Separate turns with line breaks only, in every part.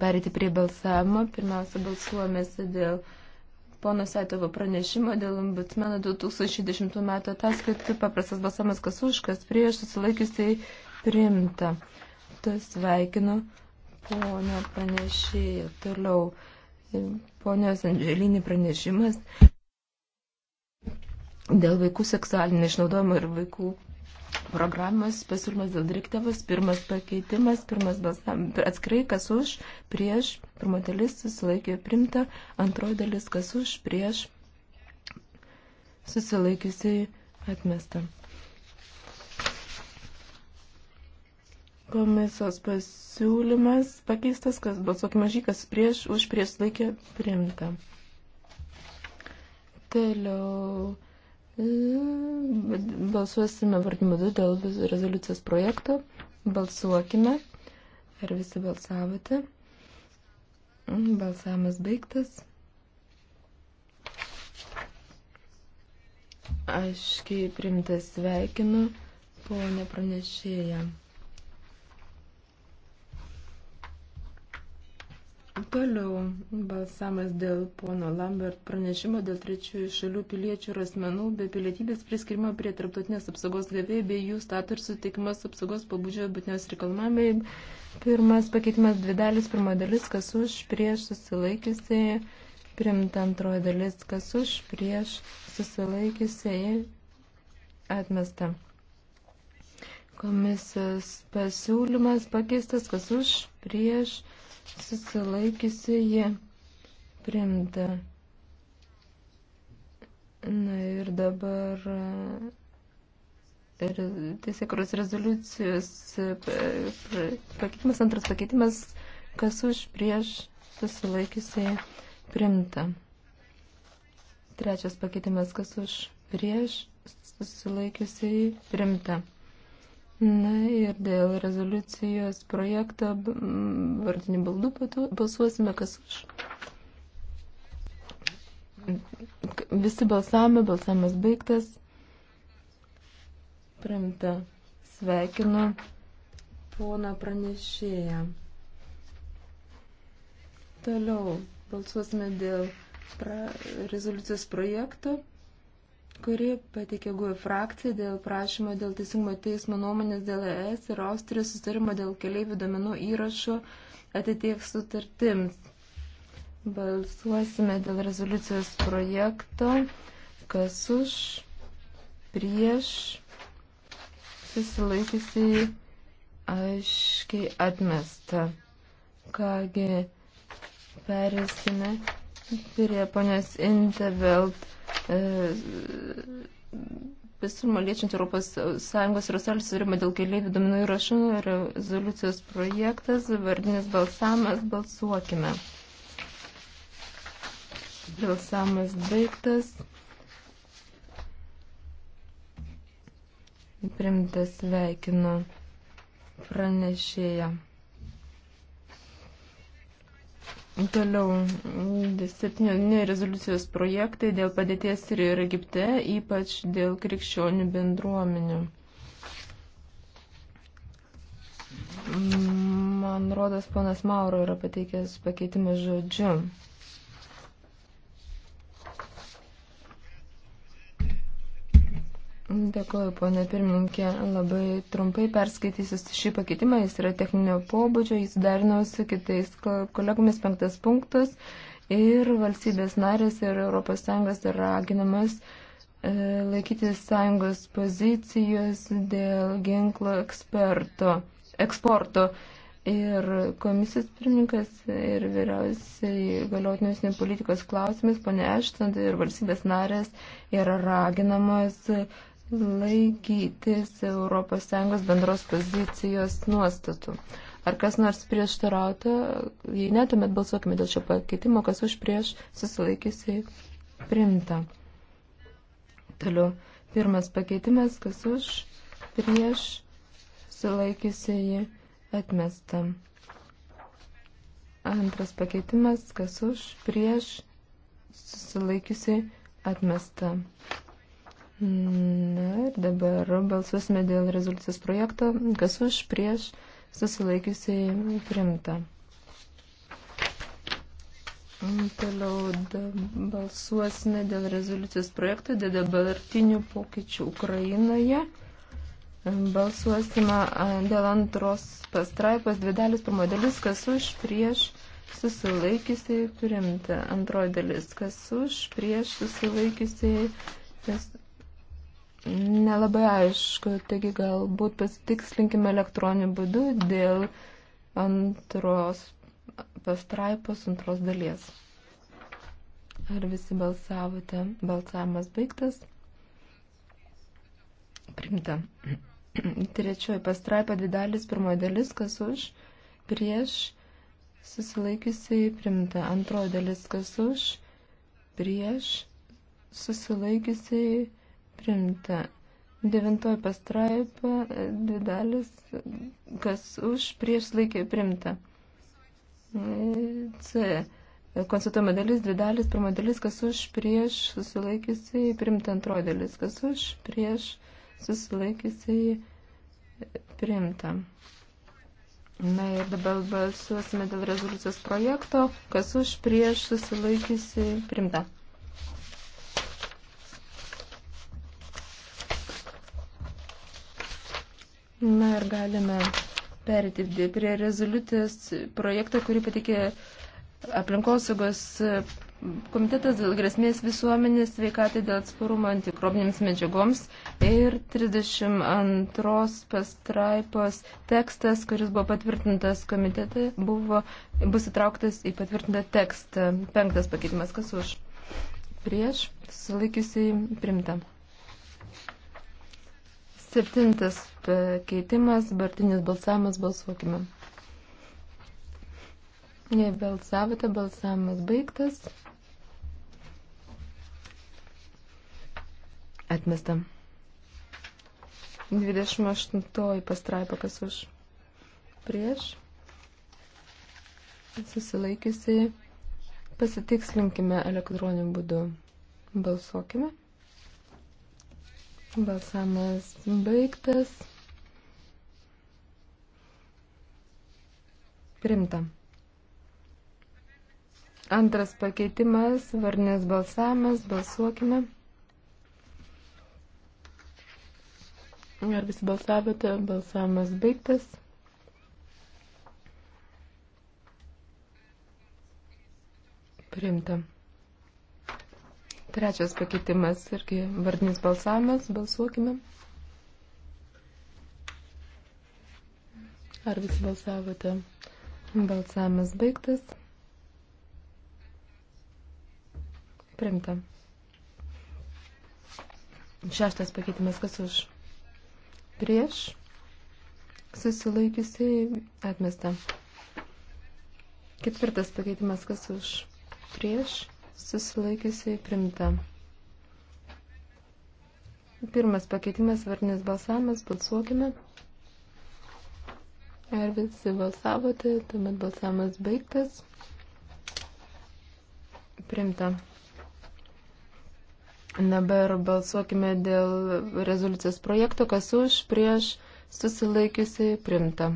perėti prie balsavimo. Pirmiausia, balsuojamės dėl pono Saitovo pranešimo dėl ombudsmeno 2010 metų ataskaitų. Paprastas balsavimas, kas už, kas prieš, susilaikiusiai priimta. Tas sveikinu pono pranešėjo. Toliau ponios Andželinį pranešimas dėl vaikų seksualinio išnaudojimo ir vaikų Programas, pasiūlymas dėl direktyvos, pirmas pakeitimas, pirmas balsavimas, atskrai kas už, prieš, pirmo dalis susilaikė primta, antroji dalis kas už, prieš, susilaikiusiai atmesta. Komisijos pasiūlymas pakeistas, kas balsuokime žykas prieš, už prieš laikė priimta. Toliau Balsuosime vardinimu 2 dėl rezoliucijos projekto. Balsuokime. Ar visi balsavote? Balsavimas baigtas. Aiškiai primtas sveikinu ponę pranešėją. Toliau balsamas dėl pono Lambert pranešimo dėl trečiųjų šalių piliečių ir asmenų be pilietybės priskirimo prie tarptautinės apsaugos gavėjų bei jų statusų teikimas apsaugos pabudžio būtinios reikalavimai. Pirmas pakeitimas dvi dalis, pirma dalis, kas už, prieš susilaikiusi, primta antroji dalis, kas už, prieš susilaikiusi, atmesta. Komisijos pasiūlymas pakeistas, kas už, prieš susilaikiusi susilaikiusioji primta. Na ir dabar ir e, tiesiekros rezoliucijos e, pakeitimas, antras pakeitimas, kas už prieš susilaikiusiai primta. Trečias pakeitimas, kas už prieš susilaikiusiai primta. Na ir dėl rezoliucijos projekto vardinių baldų balsuosime, kas už. Visi balsavome, balsavimas baigtas. Primta. Sveikinu poną pranešėją. Toliau balsuosime dėl pra rezoliucijos projekto kuri pateikė GUE frakciją dėl prašymo dėl teisingumo teismo nuomonės dėl ES ir Austrijos sustarimo dėl keliaivių domenų įrašų atitiek sutartims. Balsuosime dėl rezoliucijos projekto. Kas už, prieš, susilaikysiai aiškiai atmesta. Kągi, perėsime prie ponios Intervelt pasiūlymą e, liečiant Europos Sąjungos ir Australijos susirima dėl keliaivių duomenų įrašų rezoliucijos projektas, vardinis balsamas, balsuokime. Balsamas baigtas. Primtas sveikinu pranešėją. Toliau, mm, septyni rezoliucijos projektai dėl padėties ir Egipte, ypač dėl krikščionių bendruomenių. Mm, man rodas, ponas Mauro yra pateikęs pakeitimą žodžiu. Dėkuoju, ponė pirmininkė. Labai trumpai perskaitysiu šį pakeitimą. Jis yra techninio pobūdžio, jis derino su kitais kolegomis penktas punktus ir valstybės narės ir ES yra raginamas e, laikytis sąjungos pozicijos dėl ginklo eksperto, eksporto. Ir komisijos pirmininkas ir vyriausiai galiotinės politikos klausimais, ponė Eštant ir valstybės narės yra raginamos laikytis ES bendros pozicijos nuostatų. Ar kas nors prieštarauta? Jei ne, tuomet balsuokime dėl šio pakeitimo, kas už prieš susilaikysiai primta. Toliau, pirmas pakeitimas, kas už prieš sulaikysiai atmesta. Antras pakeitimas, kas už prieš susilaikysiai atmesta. Na ir dabar balsuosime dėl rezoliucijos projekto, kas už prieš susilaikiusiai primta. Toliau balsuosime dėl rezoliucijos projekto, dėl dabartinių pokyčių Ukrainoje. Balsuosime dėl antros pastraipos, dvi dalis, pirmoji dalis, kas už, prieš, susilaikysiai, primti. Antroji dalis, kas už, prieš, susilaikysiai, kas nelabai aišku, taigi galbūt pasitikslinkime elektroniniu būdu dėl antros pastraipos, antros dalies. Ar visi balsavote? Balsavimas baigtas. Primta. Trečioji pastraipa dvi dalis, pirmoji dalis, kas už, prieš, susilaikiusiai, primta. Antroji dalis, kas už, prieš, susilaikiusiai, Primta. Devintoji pastraipa, dvi dalis, kas už, prieš laikė primta. C. Konstatuojama dalis, dvi dalis, pirma dalis, kas už, prieš, susilaikysiai, primta antroji dalis, kas už, prieš, susilaikysiai, primta. Na ir dabar balsuosime dėl rezoliucijos projekto, kas už, prieš, susilaikysiai, primta. Na ir galime perėti prie rezoliutės projektą, kurį patikė aplinkosaugos komitetas dėl grėsmės visuomenės sveikatai dėl atsparumo antikrobinėms medžiagoms ir 32 pastraipos tekstas, kuris buvo patvirtintas komitete, buvo, bus įtrauktas į patvirtintą tekstą. Penktas pakeitimas, kas už? Prieš, sulaikysiai primta. Septintas keitimas, bartinis balsavimas, balsuokime. Jei balsavote, balsavimas baigtas. Atmesta. 28 pastraipa, kas už prieš. Susilaikiusiai pasitikslinkime elektroniniu būdu. Balsuokime. Balsamas baigtas. Primta. Antras pakeitimas, varnės balsamas, balsuokime. Ar visi balsavote? Balsavimas baigtas. Priimta. Trečias pakeitimas irgi vardinis balsavimas. Balsuokime. Ar visi balsavote? Balsavimas baigtas. Primta. Šeštas pakeitimas kas už? Prieš. Susilaikiusiai atmesta. Ketvirtas pakeitimas kas už? Prieš susilaikiusiai primta. Pirmas pakeitimas varnis balsavimas, balsuokime. Ar visi balsavote, tuomet balsavimas baigtas. Primta. Dabar balsuokime dėl rezoliucijos projekto, kas už, prieš, susilaikiusiai primta.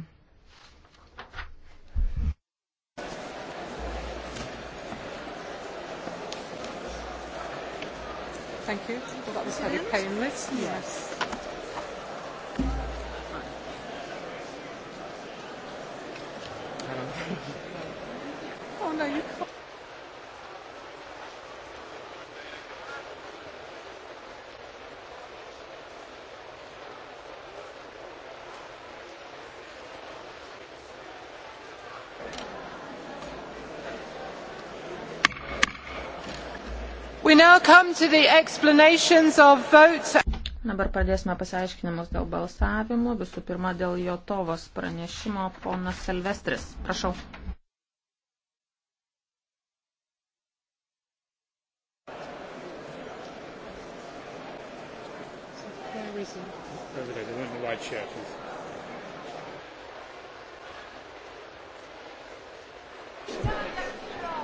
Thank you. Well, that was very painless. Yes. oh, no, you can't. Dabar pradėsime pasiaiškinimus dėl balsavimų. Visų pirma, dėl Jotovos pranešimo ponas Silvestris. Prašau. President, I want the white shirt.